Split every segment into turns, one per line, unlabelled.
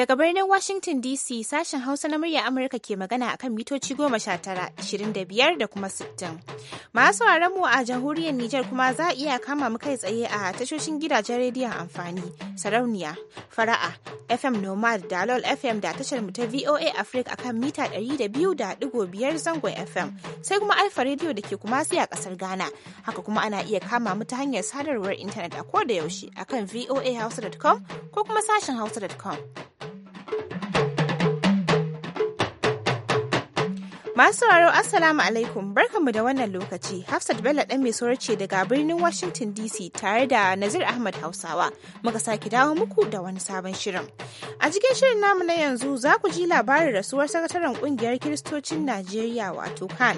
Daga birnin Washington DC sashen Hausa na murya Amurka ke magana akan mitoci goma sha tara, ishirin da biyar da kuma sittin. Masu mu a jamhuriyar Nijar kuma za a iya kama mu kai tsaye a tashoshin gidajen rediyon amfani, sarauniya, fara'a, FM Nomad da LOL FM da tashar mu ta VOA Africa akan mita ɗari da biyu da ɗigo biyar zangon FM, sai kuma Alfa rediyo da ke kuma a ƙasar Ghana. Haka kuma ana iya kama mu ta hanyar sadarwar intanet a da yaushe akan voahausa.com ko kuma sashen hausa.com. Masu sauraro Assalamu alaikum barkanmu da wannan lokaci Hafsat Bello ɗan mai ce daga birnin Washington DC tare da Nazir Ahmad Hausawa muka saki dawo muku da wani sabon shirin. A cikin shirin namu na yanzu za ku ji labarin rasuwar sakataren kungiyar Kiristocin Najeriya wato Khan.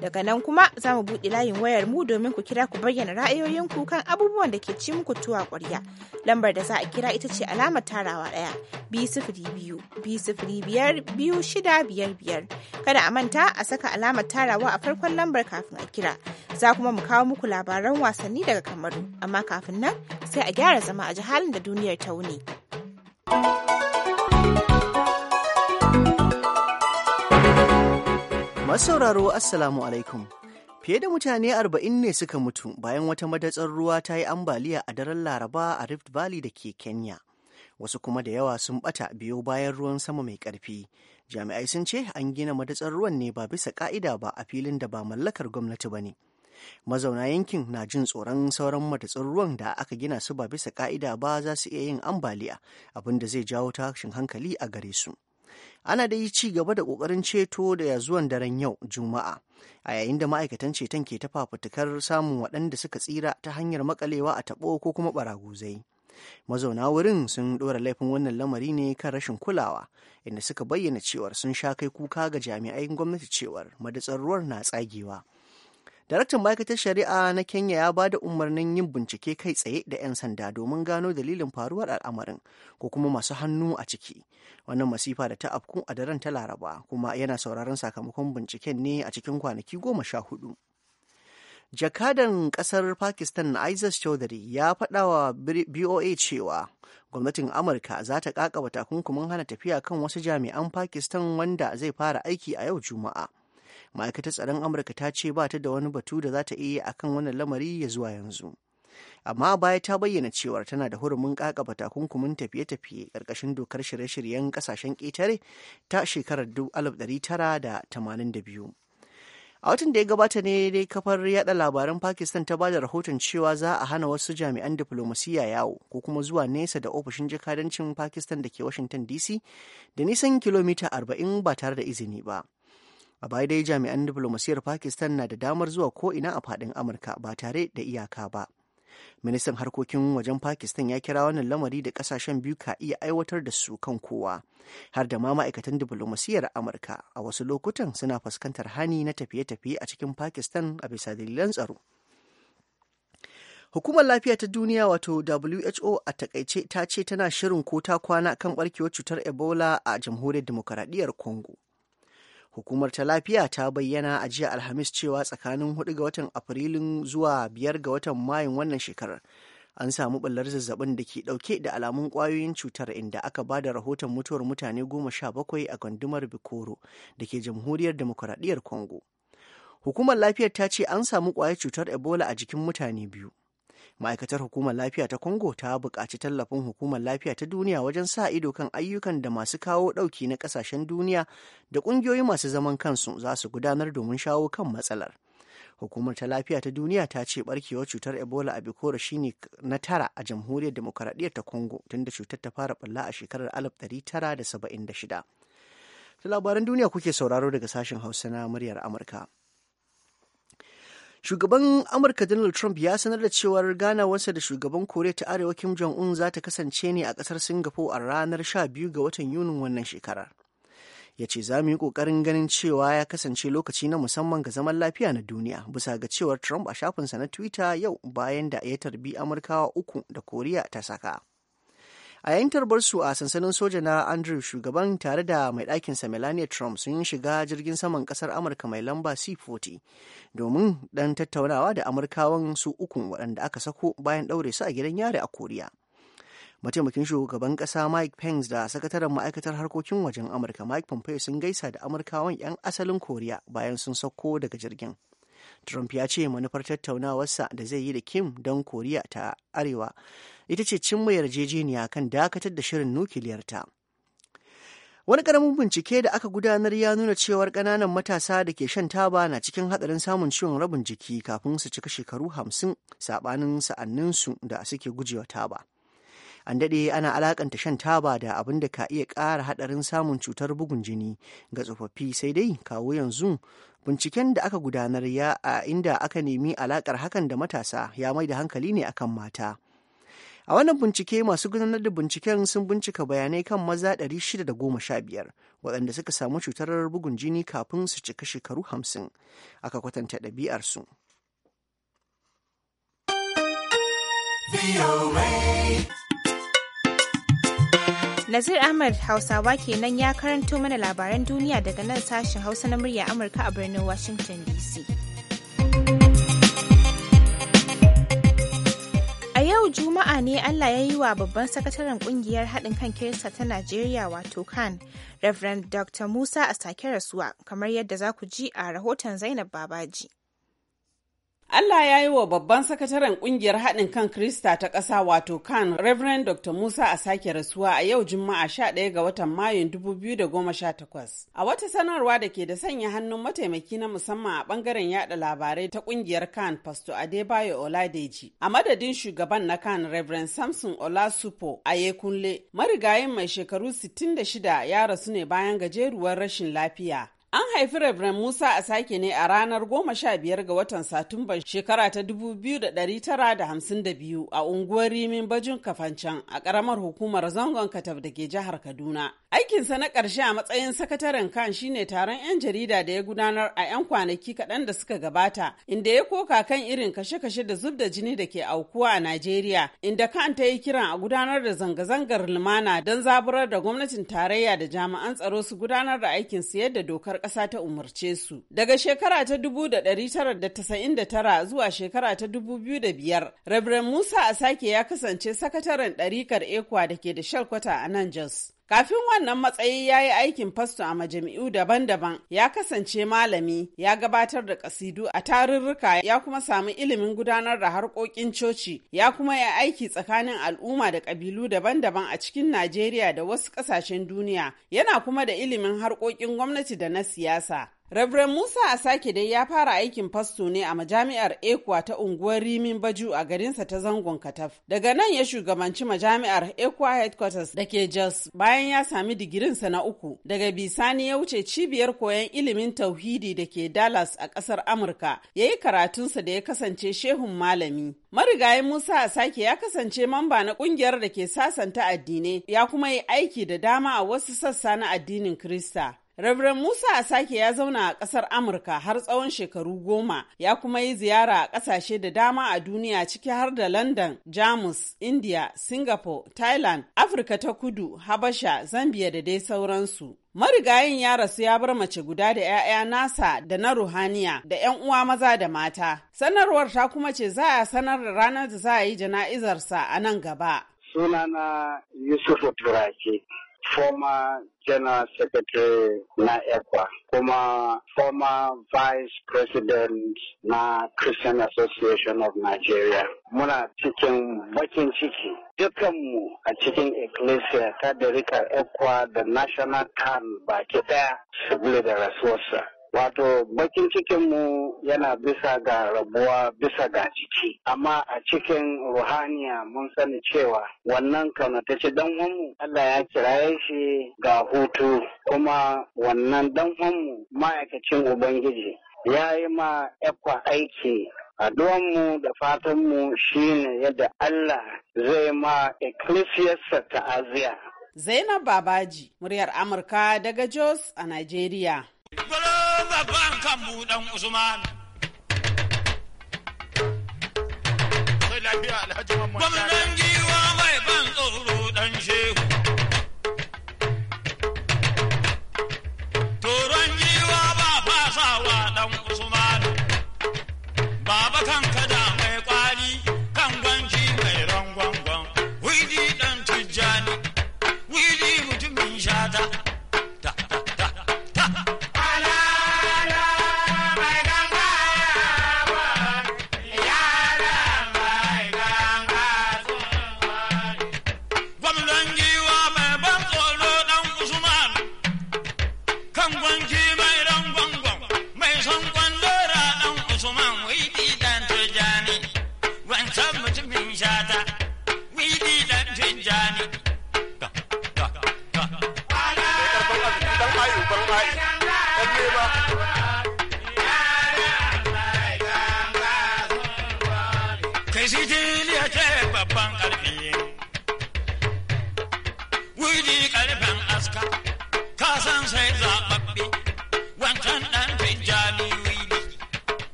Daga nan kuma za mu buɗe layin wayar mu domin ku kira ku bayyana ra'ayoyinku kan abubuwan da ke ci muku tuwa ƙwarya. Lambar da za a kira ita ce alamar tarawa ɗaya bi sifiri biyu bi sifiri biyar biyu shida biyar biyar. Kada a manta a saka alamar tarawa a farkon lambar kafin a kira. Za kuma mu kawo muku labaran wasanni daga Kamaru amma kafin nan sai a gyara zama a jihar da duniyar ta wuni.
Masu sauraro Assalamu alaikum. Fiye da mutane arba'in ne suka mutu bayan wata madatsar ruwa ta yi ambaliya a daren Laraba a Rift Valley da ke Kenya. Wasu kuma da yawa sun bata biyo bayan ruwan sama mai ƙarfi. Jami'ai sun ce an gina madatsar ruwan ne ba bisa ka'ida ba a filin da ba mallakar gwamnati ba ne. Mazauna yankin na jin tsoron sauran madatsar ruwan da aka gina su ba bisa ka'ida ba za su iya yin ambaliya abin da zai jawo tashin hankali a gare su. ana dai ci gaba da ƙoƙarin ceto da ya zuwan daren yau juma'a a yayin da ma'aikatan ceton ke ta fafutukar samun waɗanda suka tsira ta hanyar makalewa a taɓo ko kuma ɓaraguzai mazauna wurin sun ɗora laifin wannan lamari ne kan rashin kulawa inda suka bayyana cewar sun sha kai kuka ga jami'ai gwamnati cewar madatsar ruwar na tsagewa Daraktan ma'aikatar shari'a na Kenya ya ba da umarnin yin bincike kai tsaye da 'yan sanda domin gano dalilin faruwar al'amarin ko kuma masu hannu a ciki. Wannan masifa da ta afku a daren ta Laraba kuma yana sauraron sakamakon binciken ne a cikin kwanaki goma sha hudu. Jakadan kasar Pakistan Isis Choudhury ya faɗa wa BOA cewa gwamnatin Amurka za ta kakaba takunkumin hana tafiya kan wasu jami'an Pakistan wanda zai fara aiki a yau Juma'a. ma'aikatar tsaron amurka ta ce ba ta da wani batu da za ta iya kan wannan lamari ya zuwa yanzu amma baya ta bayyana cewar tana da hurumin kakaba takunkumin tafiye-tafiye ƙarƙashin dokar shirye-shiryen ƙasashen ƙetare ta shekarar 1982 a watan da ya gabata ne dai kafar yada labaran pakistan ta bada rahoton cewa za a hana wasu jami'an diflomasiyya yawo ko kuma zuwa nesa da ofishin jakadancin pakistan da ke washington dc da nisan kilomita 40 ba tare da izini ba a baya dai jami'an diplomasiyar pakistan na da damar zuwa ko ina a fadin amurka ba tare da iyaka ba ministan harkokin wajen pakistan ya kira wannan lamari da kasashen biyu ka iya aiwatar da su kan kowa har da ma ma'aikatan diflomasiyyar amurka a wasu lokutan suna fuskantar hani na tafiye-tafiye a cikin pakistan a bisa dalilan tsaro Hukumar Lafiya ta Duniya wato WHO a takaice ta ce tana shirin ko ta kwana kan barkewar cutar Ebola a Jamhuriyar Demokaradiyyar Congo. hukumar ta lafiya ta bayyana a jiya alhamis cewa tsakanin 4 ga watan afrilun zuwa 5 ga watan mayun wannan shekarar an samu ɓullar zazzabin da ke ɗauke da alamun ƙwayoyin cutar inda aka ba da rahoton mutuwar mutane goma sha bakwai a gundumar bikoro da ke jamhuriyar demokuraɗiyyar congo hukumar lafiyar ta ce an samu ƙwayar cutar ebola a jikin mutane biyu ma'aikatar hukumar lafiya ta congo ta buƙaci tallafin hukumar lafiya ta duniya wajen sa ido kan ayyukan da masu kawo ɗauki na ƙasashen duniya da ƙungiyoyi masu zaman kansu za su gudanar domin shawo kan matsalar hukumar ta lafiya ta duniya ta ce barkewar cutar ebola a bikora shine na tara a jamhuriyar demokaradiyyar ta congo tunda cutar ta fara balla a shekarar ɗari tara da da saba'in shida. ta labaran duniya kuke sauraro daga sashen hausa na muryar amurka Shugaban Amurka Donald Trump ya sanar da cewar ganawarsa da shugaban Koriya ta Arewa Kim Jong-un za ta kasance ne a ƙasar Singapore a ranar 12 ga watan Yunin wannan shekarar. ya ce za mu yi ƙoƙarin ganin cewa ya kasance lokaci na musamman ga zaman lafiya na duniya bisa ga cewar trump a shafinsa na twitter yau bayan da ya tarbi amurkawa uku da koriya ta saka a yayin a sansanin soja na andrew shugaban tare da mai ɗakinsa melania trump sun shiga jirgin saman ƙasar amurka mai lamba c40 domin dan tattaunawa da amurkawan su uku waɗanda aka sako bayan ɗaure su a gidan yari a koriya mataimakin shugaban ƙasa mike pence da sakataren ma'aikatar harkokin wajen amurka mike pompeo sun gaisa da amurkawan 'yan asalin koriya bayan sun sauko daga jirgin Trump ya ce manufar tattaunawarsa da zai yi da Kim don Koriya ta Arewa ita ce cimma yarjejeniya kan dakatar da shirin nukiliyarta. Wani karamin bincike da aka gudanar ya nuna cewar ƙananan matasa da ke shan taba na cikin haɗarin samun ciwon rabin jiki kafin su cika shekaru hamsin saɓanin sa'anninsu da suke gujewa taba. an daɗe ana alakanta shan taba da abin da ka iya ƙara haɗarin samun cutar bugun jini ga tsofaffi sai dai kawo yanzu binciken da aka gudanar ya a inda aka nemi alaƙar hakan da matasa ya mai da hankali ne akan mata. A wannan bincike masu gudanar da binciken sun bincika bayanai kan maza 615 waɗanda suka samu cutar bugun jini kafin su cika shekaru 50 aka kwatanta ɗabi'arsu. su.
Nazir Ahmad Hausawa kenan ya karanto mana labaran duniya daga nan sashen Hausa na murya Amurka a birnin Washington DC. A yau Juma'a ne Allah ya yi wa babban sakataren kungiyar haɗin kan Kirista ta Najeriya wato khan Reverend Dr. Musa Asake
rasuwa kamar yadda za ku ji a rahoton Zainab Babaji. Allah ya yi wa babban sakataren kungiyar haɗin kan Krista ta ƙasa wato kan Reverend Dr. Musa a sake rasuwa a yau Juma'a 11 ga watan Mayun 2018. A wata sanarwa da ke da sanya hannun mataimaki na musamman a ɓangaren yada labarai ta kungiyar kan Pastor Adebayo Oladeji. A madadin shugaban na kan Reverend Samson Olasupo a Yekunle, marigayin mai shekaru 66 ya rasu ne bayan gajeruwar rashin lafiya. An haifi rabren Musa a sake ne a ranar goma sha biyar ga watan Satumba shekara ta dubu tara da da hamsin biyu a unguwar Rimin Bajin Kafancan a ƙaramar hukumar zangon Katab da ke jihar Kaduna. Aikinsa na ƙarshe a matsayin sakataren kan shine taron 'yan jarida da ya gudanar a 'yan kwanaki kaɗan da suka gabata, inda ya koka kan irin kashe-kashe da zub da jini da ke aukuwa a Najeriya, inda kan ta yi kiran a gudanar da zanga-zangar lumana don zaburar da gwamnatin tarayya da jami'an tsaro su gudanar da aikinsu yadda dokar kasa ƙasa ta umarce su. Daga shekara ta 1999 zuwa shekara ta 2005, Reverend Musa Asake ya kasance sakataren ɗarikar Ekwa da ke da shalkwata a nan Jos. Kafin wannan matsayi ya yi aikin fasto a majami'u daban-daban, ya kasance malami, ya gabatar da kasidu a tarurruka, ya kuma samu ilimin gudanar da harkokin coci, ya kuma yi aiki tsakanin al'umma da ƙabilu daban-daban a cikin Najeriya da wasu ƙasashen duniya, yana kuma da ilimin harkokin gwamnati da na siyasa. Reverend Musa Asake dai ya fara aikin fasto ne a majami'ar Ekuwa ta unguwar Rimin Baju a garinsa ta zangon Kataf. Daga nan ya shugabanci majami'ar Ekuwa Headquarters da ke Jos bayan ya sami digirinsa na uku. Daga bisani ya wuce cibiyar koyon ilimin tauhidi da ke Dallas a ƙasar Amurka ya yi karatunsa da ya kasance shehun malami. marigayin Musa a sake ya kasance mamba na ƙungiyar da ke sasanta addinai ya kuma yi aiki da dama a wasu sassa na addinin Kirista. Reverend Musa Asake ya zauna a ƙasar Amurka har tsawon shekaru goma, ya kuma yi ziyara a ƙasashe da dama a duniya ciki har da London, Jamus, India, Singapore, Thailand, Afirka ta Kudu, Habasha, Zambia da dai sauransu. Marigayin ya rasu ya bar mace guda da 'ya'ya nasa da na ruhaniya da 'yan uwa maza da mata. Sanarwar ta kuma ce za a sanar da ranar da za a yi jana'izarsa a nan gaba. Sunana
Yusuf Turaki. former General Secretary na ECWA, kuma former Vice President na Christian Association of Nigeria. Muna cikin bakin ciki dukanmu a cikin Ecclesia ta Derika ECWA da National Can baki daya, sabili da rasuwarsa. Wato bakin cikinmu yana bisa ga rabuwa bisa ga jiki, amma a cikin ruhaniya mun sani cewa wannan kaunatacce dan uwanmu Allah ya kiraye shi ga hutu kuma wannan dan uwanmu ma'aikacin Ubangiji ya yi ma ekwa aiki mu da fatanmu shine yadda Allah zai ma ta ta'aziya.
Zainab Babaji, muryar Amurka daga Jos a Najeriya.
babban kan buɗan Usman.
Gwamnan giwa mai ban tsoro ɗan shehu.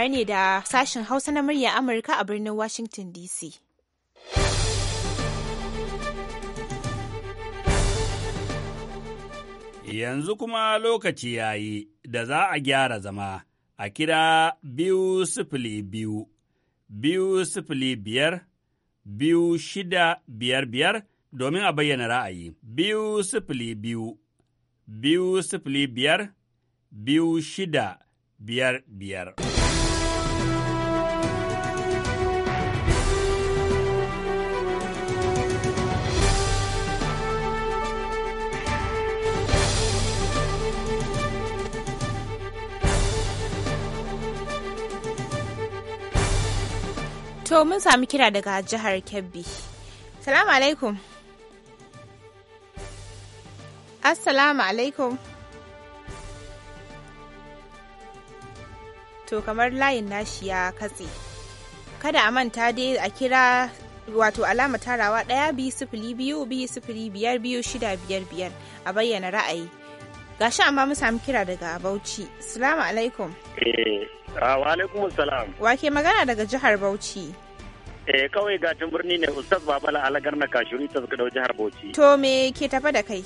tare ne da sashen Hausa na murya Amurka a birnin Washington DC.
Yanzu kuma lokaci ya yi da za a gyara zama a kira biyu sifili biyu, biyu sifili biyar, biyu shida biyar biyar domin a bayyana ra'ayi. Biyu sifili biyu, biyu sifili biyar, biyu shida biyar biyar.
To mun sami kira daga jihar Kebbi. Salamu alaikum. Assalamu alaikum. To kamar layin nashi ya katse. Kada a manta dai a kira wato alama tarawa ɗaya biyu sifili biyu biyu sifili biyar biyu shida biyar biyar a bayyana ra'ayi. ga shi amma mu samu kira daga Bauchi. Salamu alaikum.
Eh, ah, wa alaikum salam.
Wa ke magana daga jihar Bauchi?
Eh, kawai gatin birni ne Ustaz Babala Alagar na Kashuri ta jihar Bauchi.
To me ke tafa da kai?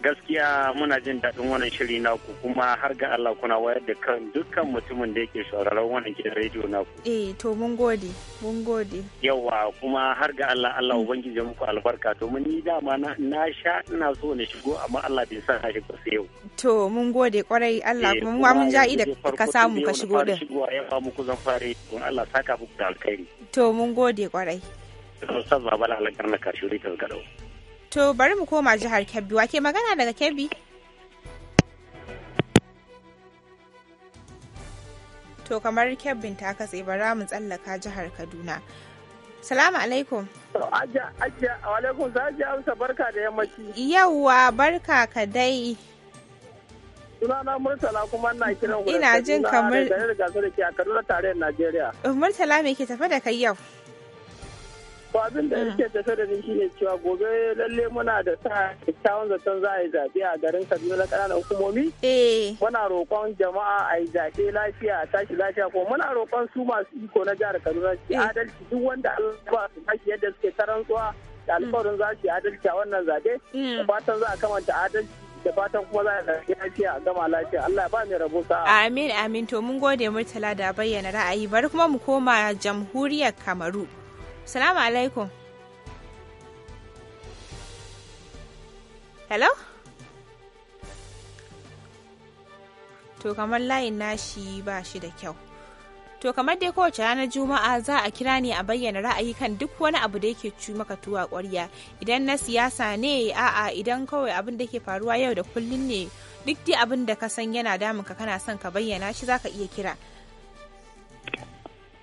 gaskiya muna jin daɗin wannan shiri na ku kuma har ga Allah kuna wayar da kan dukkan mutumin da yake sauraron wannan gidan rediyo na ku.
Eh to mun gode, mun gode.
Yawwa kuma har ga Allah Allah mm. ubangiji muku albarka to mun ni dama na na sha ina so na shigo amma Allah bai sa na shigo sai yau.
To mun gode kwarai Allah eh, kuma mun ja da ka samu ka shigo din.
Ya ba muku zan fare don Allah saka muku da alkhairi.
To mun gode kwarai.
Ustaz Babala Alankar na Kashuri gado.
To bari mu koma jihar Kebbi, wake magana daga Kebbi? To kamar Kebbin ta katse bara mu tsallaka jihar Kaduna. Salamu alaikum. Yawwa barka ka dai. Sunana Murtala kuma na kiran Ina jin kamar. Ina a Murtala me ke tafe da kai yau?
ko abin da yake mm. tafe da ni ne cewa gobe lalle muna da sa kyakkyawan zaton za a yi zaɓe a garin Kaduna ƙananan hukumomi. Eh. Muna roƙon jama'a a yi zaɓe lafiya a tashi lafiya ko muna roƙon su masu iko na jihar Kaduna eh. adalci duk wanda Allah ba su tashi yadda suke tarantsuwa da mm. alƙawarin za su yi adalci a wannan zaɓe. Mm. Da fatan za a kamanta adalci da fatan kuma za a lafiya a gama lafiya Allah ba mai rabo
sa'a amin amin to mun gode murtala da bayyana ra'ayi bari kuma mu koma jamhuriyar kamaru salamu alaikum hello to kamar layin nashi ba shi da kyau to kamar dai kowace ranar juma'a za a kira ne a bayyana ra'ayi kan duk wani abu da yake ci maka tuwa ƙwarya idan na siyasa ne a'a idan kawai abin da ke faruwa yau da kullun ne duk dai abin da ka san yana damun ka kana son ka bayyana shi zaka iya kira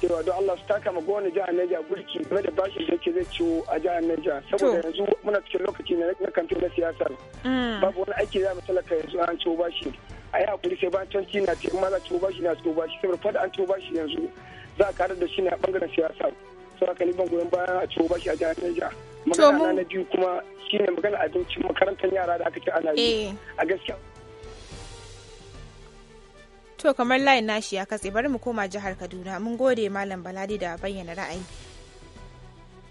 cewa don Allah su taka ma gwamnati jihar Niger gurki game da bashi da yake zai ciwo a jihar Niger saboda yanzu muna cikin lokaci na kamfe na siyasa mm. babu wani aiki za mu talaka yanzu an ciwo bashi a yi hakuri sai bayan canci na ce kuma za ciwo bashi na ciwo bashi saboda fada an ciwo bashi yanzu za a karar da shi ne a bangaren siyasa sau haka ni ban goyon bayan a ciwo bashi a jihar Niger magana na biyu kuma shine magana abincin makarantar yara da aka ce ana yi eh. a gaskiya
To kamar layin nashi ya katse bari mu koma jihar Kaduna mun gode Malam Baladi da bayyana ra'ayi.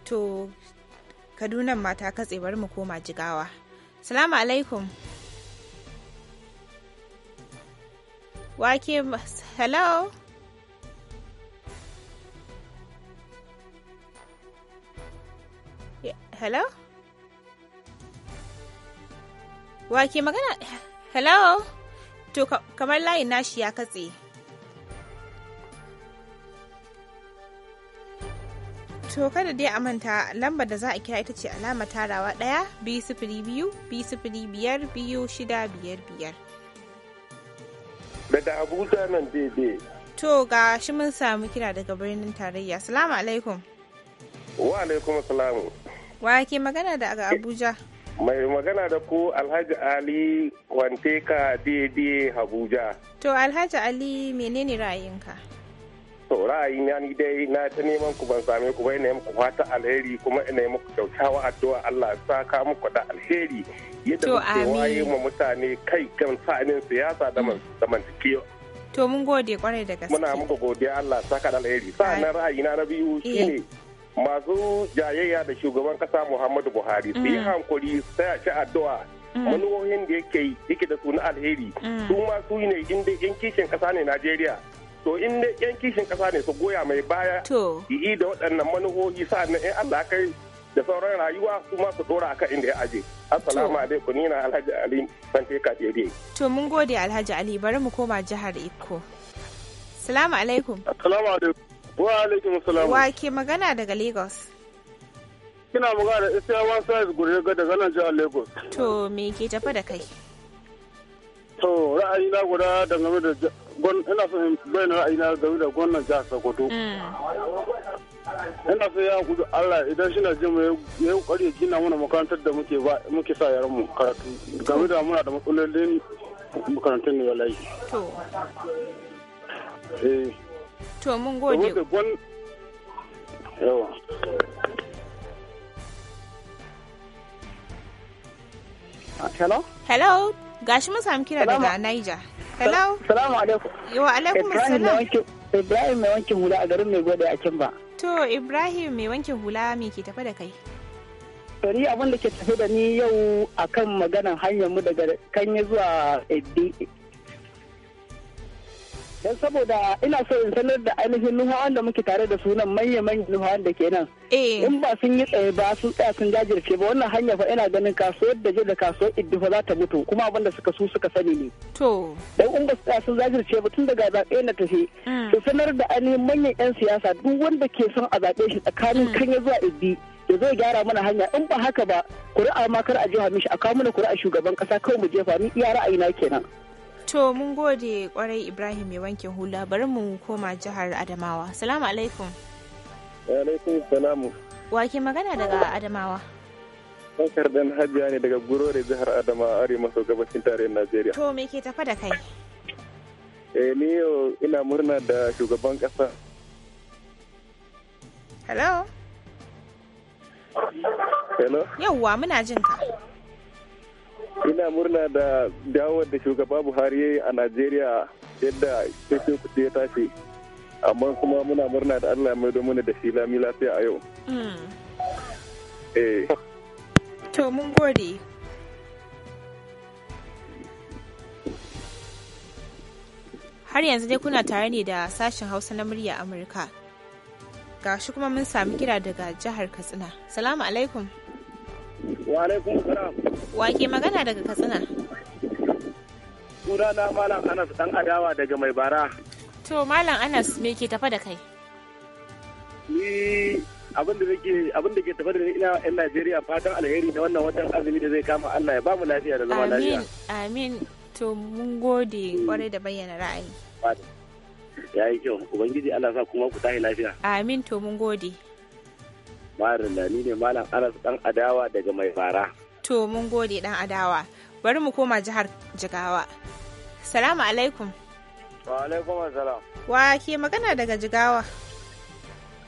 To Kadunan ma ta katse bari mu koma jigawa. Salamu alaikum. Wake hello. Hello? Wake magana? Hello? To kamar layin nashi ya katse. To kada dai a manta lambar da za a kira ita ce alama tarawa ɗaya biyu sifiri biyu biyu sifiri biyar biyu shida biyar biyar.
Daga Abuja nan daidai.
To ga shi mun samu kira daga birnin tarayya. Salamu alaikum.
Wa alaikum salamu.
Wa ke magana daga Abuja?
Mai magana da ku Alhaji Ali Kwanteka daidai Habuja.
To Alhaji Ali menene ra'ayinka?
To ya ni dai na ta neman ku ban same ku bai ku muku fata alheri kuma ina muku kyautawa addu'a Allah ya saka muku da alheri. Yadda muke waye mu mutane kai kan sa'anin siyasa da tikiyo
To mun gode kwarai da gaske.
Muna muku godiya Allah saka da alheri. Sa'an ra'ayina na biyu eh. shine masu jayayya da shugaban kasa muhammadu buhari su yi mm. hankuri sai a ci addu'a mm. manuwohin da yake yake da su na alheri mm. su ma su ne inda yan kishin kasa ne najeriya to in dai yan kishin kasa ne su goya mai baya yi da waɗannan manuhohi sa'annan in allah kai da sauran rayuwa su ma su dora akan inda ya aje. Assalamu alaikum ni na Alhaji Ali ka Dede.
To mun gode Alhaji Ali bari mu koma jihar Ikko. Salamu alaikum.
Assalamu alaikum. Wa alaikum salam. Wa
ke magana daga Lagos?
Kina magana da Isiya One Size Gurega daga nan jihar Lagos.
To me ke tafa da kai?
To ra'ayi na guda dangane da ina so in bayyana ra'ayi na game da gwamnan jihar Sokoto. Mm. Ina so ya gudu Allah idan shi na jin mu ya kokari gina mana makarantar da muke ba muke sa yaran mu karatu game da muna da matsalolin makarantun ne layi.
To. Eh To mun gode. Ah, hello? Hello? Gashi mun samu kira daga Niger. Hello? Salamu alaikum. Wa alaikum assalam
Ibrahim mai wankin hula a garin mai gwada a ba.
To Ibrahim mai wankin hula me ke tafe da kai?
Tori abin da ke tafe da ni yau
akan maganan hanyar mu daga Kanye zuwa
don saboda ina so in sanar da ainihin nuhawan da muke tare da sunan manya-manyan
nuhawan da ke nan eh. in ba sun yi tsaye ba sun tsaya sun jajirce ba wannan hanya fa ina ganin kasuwar yadda je da kasuwar iddifa za ta mutu kuma abinda suka su suka sani ne to dan in ba su tsaya sun jajirce ba tun daga zaɓe na tafi mm. su sanar da ainihin manyan 'yan siyasa duk wanda ke son a zaɓe
shi tsakanin mm. ya zuwa iddi ya zo gyara mana hanya in ba haka ba kuri'a ma kar a je hamishi
a kawo mana kuri'a shugaban kasa kawai mu jefa ni iya ra'ayi na kenan
To mun gode kwarai Ibrahim mai wankin hula bari mu koma jihar Adamawa. Salamu alaikum. Wa
alaikum salamu.
Wa ke magana daga Adamawa?
Bakar dan Hajiya ne daga Gurore jihar Adamawa arewa maso gabashin tarayyar Najeriya.
To me ke tafa da kai?
Eh ni yau ina murna da shugaban kasa. Hello? Hello?
Yawwa muna jin ka.
ina murna da dawowar da shugaba buhari ya yi a najeriya yadda kashin kuɗi ya tashi amma kuma muna murna da allah mai domin da shi lami lafiya a yau hmm. eh.
to mun gode har yanzu dai kuna tare ne da sashen hausa na murya amurka shi kuma mun sami kira daga jihar katsina salamu alaikum
Wa salam.
Wa ke magana daga Katsina?
Sunana Malam Anas dan adawa daga mai bara.
To Malam Anas me ke tafa da kai?
Ni abin da nake abin da ke tafa da ni ina yan Najeriya fatan alheri da wannan watan azumi da zai kama Allah ya ba mu lafiya da zama lafiya. Amin.
Amin. To mun gode kwarai da bayyana ra'ayi.
Ya yi kyau. Ubangiji Allah sa kuma ku tahi lafiya.
Amin to mun gode.
da ni ne Malam Anas dan Adawa daga Mai fara.
To mun gode dan Adawa. Bari mu koma jihar Jigawa. Salamu alaikum.
Wa alaikum assalam.
Wa ke magana daga Jigawa?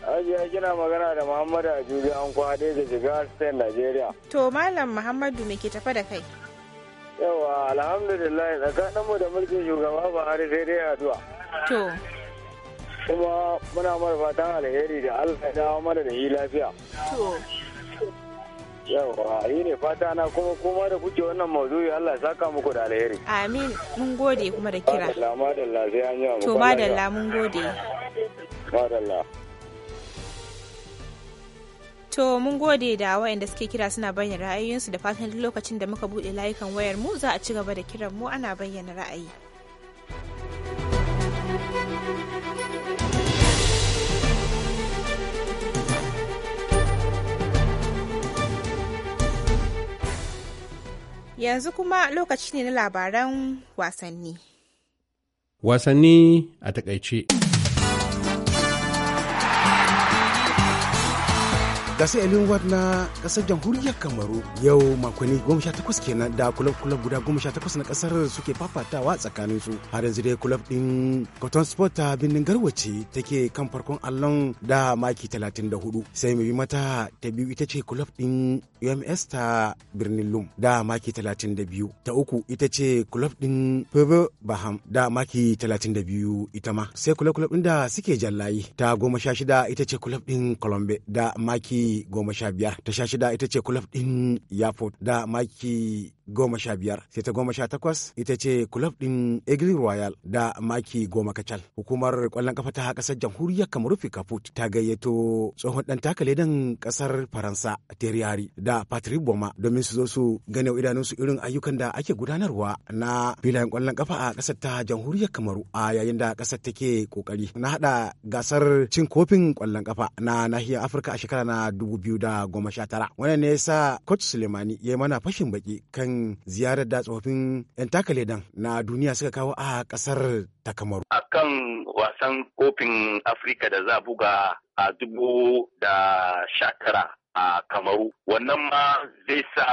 Ajiya kina magana da Muhammadu Ajuji an kwade da Jigawa State Nigeria.
To Malam Muhammadu me ke tafa da kai?
Yawa alhamdulillah tsakaninmu da mulkin shugaba har sai dai addu'a. To kuma muna mara fatan alheri da Allah ya dawo mana da yi lafiya. Yawa, yi ne fata na kuma kuma da kuke wannan maudu'i Allah saka muku da alheri.
Amin, mun gode kuma da kira. Madalla, madalla, sai an yi To madalla, mun gode. Madalla. To mun gode da waɗanda suke kira suna bayyana ra'ayoyinsu da fatan lokacin da muka buɗe layukan wayar mu za a ci gaba da kiran mu ana bayyana ra'ayi. Yanzu kuma lokaci ne na labaran wasanni.
Wasanni a takaice. gasa elin ward na kasar jamhuriyar kamaru yau makonni goma sha takwas kenan da kulab kulab guda goma sha takwas na kasar suke fafatawa tsakanin su har yanzu dai kulab din cotton sport ta birnin garwace take kan farkon allon da maki talatin da hudu sai mai mata ta biyu ita ce kulab din ums ta birnin lum da maki talatin da biyu ta uku ita ce kulab din pebe baham da maki talatin da biyu ita ma sai kulab kulab din da suke jallayi ta goma sha shida ita ce kulab din colombe da maki goma sha biyar ta sha shida ita ce kulaf ɗin yafo da maki goma sha biyar sai ta goma sha takwas ita ce kulob ɗin egli royal da maki goma kacal hukumar kwallon kafa ta kasar jamhuriyar kamaru fikafut ta gayyato tsohon ɗan takale dan ƙasar faransa teriyari da patrick boma domin su zo su gane idanunsu irin ayyukan da ake gudanarwa na filayen kwallon kafa a ƙasar ta jamhuriyar kamaru a yayin da ƙasar take kokari na haɗa gasar cin kofin kwallon kafa na nahiyar afirka a shekara na dubu biyu da goma sha tara wannan ne ya sa coach sulemani ya mana fashin baki kan ziyarar da tsofaffin 'yan takaledan na duniya suka kawo a kasar ta
kamaru. A kan wasan kofin Afirka da za buga a dubu da shakara a kamaru. Wannan ma zai sa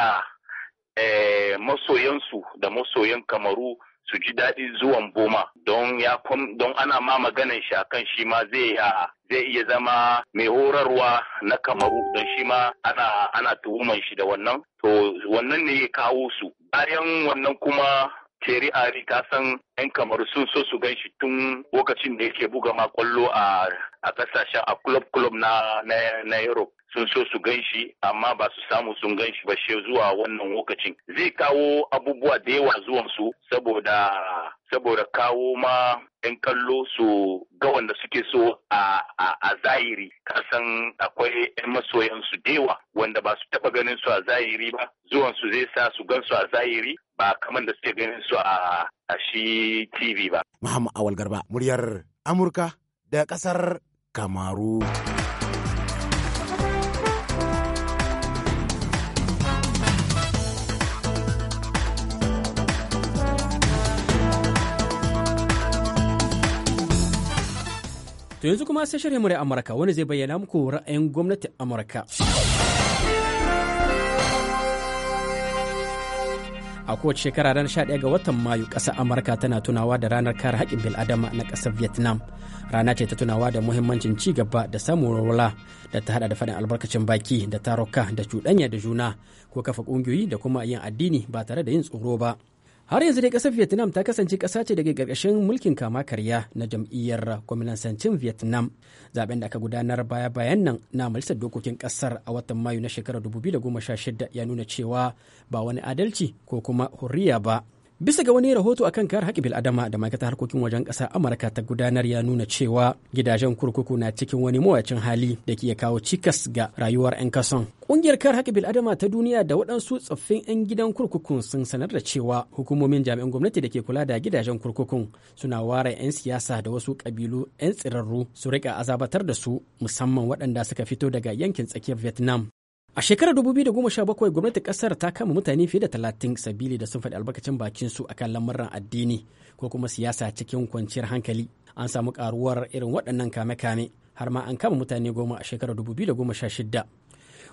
eh, masoyansu da masoyan kamaru su ji daɗi zuwan boma don ya don ana ma maganan shi akan shi ma zai zai iya zama mai horarwa na kamaru don shi ma ana ana tuhuman shi da wannan to wannan ne ya kawo su bayan wannan kuma teri Ari ta san 'yan kamaru sun so su gan shi tun lokacin da yake buga ma kwallo a a kasashen a club club na na Europe sun so su gan shi amma ba su samu sun gan shi ba she zuwa wannan lokacin zai kawo abubuwa da yawa zuwan su saboda saboda kawo ma 'yan kallo su ga wanda suke so a, a, zahiri kasan akwai 'yan masoyan su dewa wanda ba su taba ganin su a zahiri ba zuwan su zai sa su gan su a zahiri ba kamar da suke ganin su a a shi TV ba.
Muhammad Awal Garba, muryar Amurka da ƙasar Kamaru.
To yanzu kuma sai shirya murai Amurka wani zai bayyana muku ra'ayin gwamnatin Amurka. a kowace shekara ranar 11 ga watan mayu ƙasar amurka tana tunawa da ranar kare haƙƙin bil'adama na ƙasar vietnam rana ce ta tunawa da muhimmancin ci gaba da samun rawala da ta hada da faɗin albarkacin baki da taruka da cuɗanya da juna ko kafa ƙungiyoyi da kuma yin addini ba tare da yin tsoro ba har yanzu dai kasar vietnam ta kasance kasa ce daga karkashin mulkin kama karya na jam'iyyar kwaminansancin vietnam zaben da aka gudanar baya bayan nan na majalisar dokokin kasar a watan mayu na shekarar 2016 ya nuna cewa ba wani adalci ko kuma hurriya ba bisa ga wani rahoto akan kar haƙƙin bil'adama da ma'aikatar harkokin wajen ƙasar amurka ta gudanar ya nuna cewa gidajen kurkuku na cikin wani mawacin hali da ke kawo cikas ga rayuwar 'yan kason ƙungiyar kar haƙƙin bil'adama ta duniya da waɗansu tsoffin 'yan gidan kurkukun sun sanar da cewa hukumomin jami'an gwamnati da ke kula da gidajen kurkukun suna ware 'yan siyasa da wasu ƙabilu 'yan tsirarru su riƙa azabatar da su musamman waɗanda suka fito daga yankin tsakiyar vietnam A shekarar 2017 gwamnatin kasar ta kama mutane fiye da talatin sabili da sun faɗi albarkacin bakin su akan lamuran addini ko kuma siyasa cikin kwanciyar hankali. An samu karuwar irin waɗannan kame-kame har ma an kama mutane goma a shekarar 2016.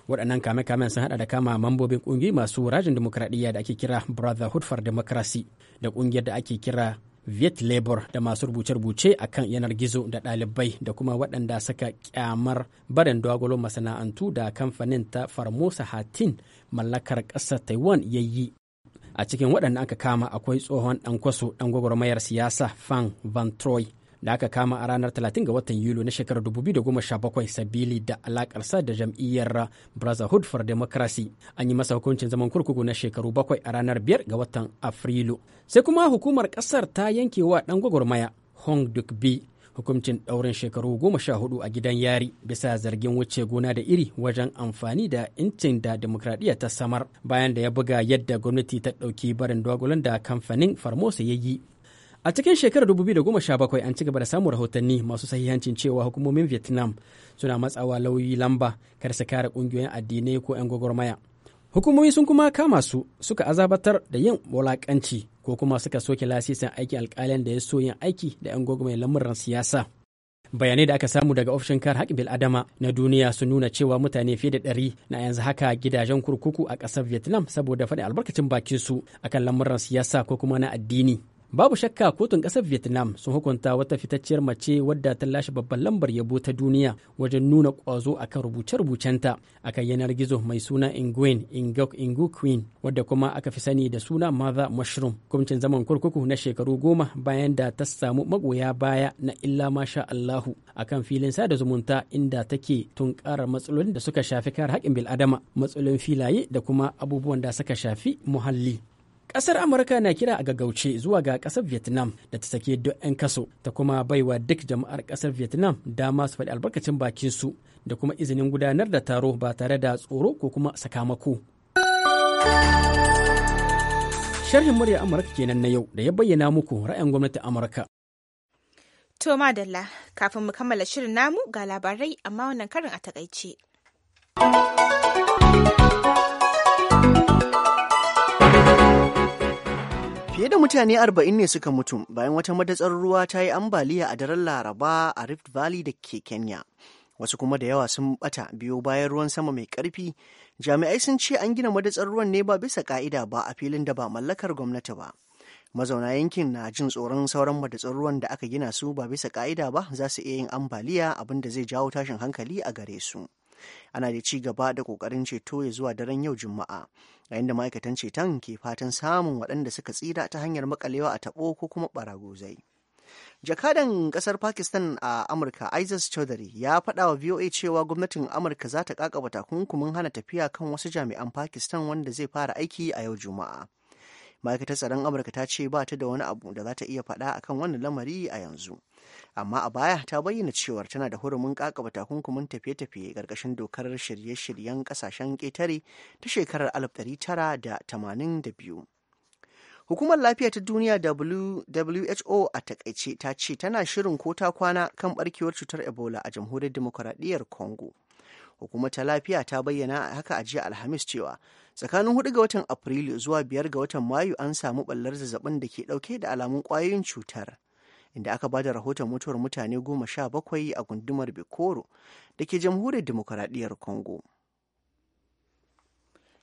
Waɗannan kame-kamen sun haɗa da kama mambobin ƙungiyoyi masu rajin demokradiyya da ake kira Brotherhood for Democracy da ƙungiyar da ake kira viet labor da masu rubuce-rubuce a kan yanar gizo da ɗalibai da kuma waɗanda suka kyamar barin dogolo masana'antu da kamfanin ta farmosa hatin mallakar ƙasa taiwan ya yi a cikin waɗanda aka kama akwai tsohon ɗan kwaso ɗan gwagwarmayar siyasa fan van troy da aka kama a ranar 30 ga watan Yuli na shekarar 2017 sabili da alakarsa da jam'iyyar Brotherhood for Democracy. An yi masa hukuncin zaman kurkuku na shekaru bakwai a ranar 5 ga watan Afrilu. Sai kuma hukumar kasar ta yanke wa ɗan gwagwarmaya Hong Duk B hukuncin ɗaurin shekaru goma sha hudu a gidan yari bisa zargin wuce gona da iri wajen amfani da incin da demokradiyya ta samar bayan da ya buga yadda gwamnati ta ɗauki barin dogulan da kamfanin farmosa ya yi A cikin shekarar 2017 an ci gaba da samun rahotanni masu sahihancin cewa hukumomin Vietnam suna matsawa lauyi lamba kar su kare kungiyoyin addinai ko 'yan gwagwarmaya. Hukumomi sun kuma kama su suka azabatar da yin wulakanci ko kuma suka soke lasisin aikin alkalin da ya so yin aiki da 'yan gwagwarmaya lamuran siyasa. Bayanai da aka samu daga ofishin kar haƙƙin bil'adama na duniya sun nuna cewa mutane fiye da ɗari na yanzu haka gidajen kurkuku a ƙasar Vietnam saboda faɗin albarkacin su akan lamuran siyasa ko kuma na addini. Babu shakka kotun ƙasar Vietnam sun hukunta wata fitacciyar mace wadda ta lashe babban lambar yabo ta duniya wajen nuna ƙwazo a kan rubuce-rubucenta akan yanar gizo mai suna Nguyen Ngok Ngu Queen wadda kuma aka fi sani da suna Mother Mushroom. Kumcin zaman kurkuku na shekaru goma bayan da ta samu magoya baya na illa masha Allahu akan filin sada zumunta inda take tunkarar matsalolin da suka shafi kare haƙƙin bil'adama, matsalolin filaye da kuma abubuwan da suka shafi muhalli. Ƙasar Amurka na kira a gaggauce zuwa ga ƙasar Vietnam da ta sake duk 'yan kaso ta kuma baiwa duk jama'ar kasar Vietnam dama su faɗi albarkacin bakin su da kuma izinin gudanar da taro ba tare da tsoro ko kuma sakamako. Sharhin murya Amurka kenan na yau da ya bayyana muku ra'ayin gwamnatin Amurka.
To madalla kafin mu kammala shirin namu ga labarai amma wannan karin a takaice.
Fiye da mutane arba'in ne suka mutu bayan wata madatsar ruwa ta yi ambaliya a daren Laraba a Rift Valley da ke Kenya. Wasu kuma da yawa sun bata biyo bayan ruwan sama mai karfi. Jami'ai sun ce an gina madatsar ruwan ne ba bisa ka'ida ba a filin da ba mallakar gwamnati ba. Mazauna yankin na jin tsoron sauran madatsar ruwan da aka gina su ba bisa ka'ida ba za su iya yin ambaliya abin da zai jawo tashin hankali a gare su. ana da ci gaba da kokarin ceto ya zuwa daren yau juma'a yayin da ma'aikatan ceton ke fatan samun waɗanda suka tsira ta hanyar makalewa a taɓo ko kuma baragozai jakadan kasar pakistan a amurka isis chaudhary ya faɗa wa voa cewa gwamnatin amurka za ta kakaba takunkumin hana tafiya kan wasu jami'an pakistan wanda zai fara aiki a yau juma'a ma'aikatar tsaron amurka ta ce ba ta da wani abu da za ta iya faɗa akan wannan lamari a yanzu amma a baya ta bayyana cewar tana da hurumin kakaba takunkumin tafiye-tafiye ƙarƙashin dokar shirye-shiryen ƙasashen ƙetare ta shekarar 1982. Hukumar Lafiya ta Duniya WHO a takaice ta ce tana shirin ko ta kwana kan barkewar cutar Ebola a jamhuriyar demokuraɗiyyar Congo. Hukumar ta lafiya ta bayyana haka a jiya Alhamis cewa tsakanin 4 ga watan Afrilu zuwa 5 ga watan Mayu an samu ɓallar zazzabin da ke ɗauke da alamun kwayoyin cutar. inda aka bada rahoton mutuwar mutane goma sha bakwai a gundumar Bikoro da ke jamhuriyar demokaradiyyar Congo.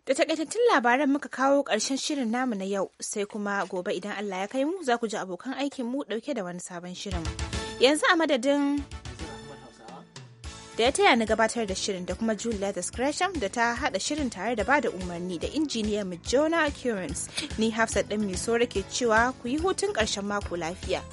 Da takaitattun labaran muka kawo ƙarshen shirin namu na yau sai kuma gobe idan Allah ya kai mu za ku ji abokan aikin mu ɗauke da wani sabon shirin. Yanzu a madadin da ya taya ni gabatar da shirin da kuma Julia Discretion da ta haɗa shirin tare da bada umarni da injiniya mu curens ni Hafsat ɗin Misora ke cewa ku yi hutun ƙarshen mako lafiya.